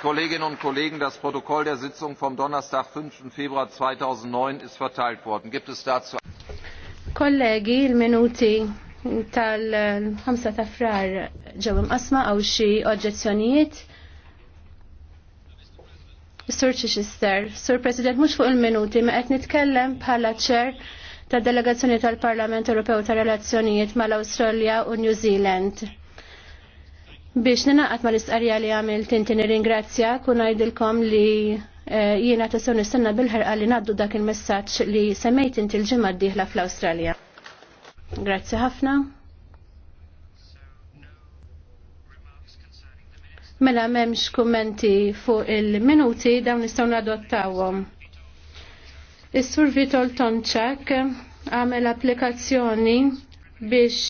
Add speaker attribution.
Speaker 1: Kolleginnen und Kollegen, das Protokoll der Sitzung vom Donnerstag, 5. Februar 2009 ist verteilt worden. Gibt es dazu?
Speaker 2: Kollegi, il-minuti tal-5 ta' frar ġew imqasma għaw xi oġġezzjonijiet. Sur Chichester, Sir President, mhux fuq il-minuti, ma qed nitkellem bħala ċer ta' delegazzjoni tal-Parlament Ewropew ta' relazzjonijiet mal-Awstralja u New Zealand. Biex ninaqat ma l-istqarja li għamil tinti nir-ingrazzja kun għajdilkom li eh, jiena ta' sew nistenna bil-ħerqa li naddu dak il-messaġġ li semmejt inti l-ġimgħa d-dieħla fl-Awstralja. Grazzi ħafna. Mela m'hemmx kummenti fuq il-minuti dawn nistgħu nadottawhom. Is-Sur Vitol Tomczak għamel applikazzjoni biex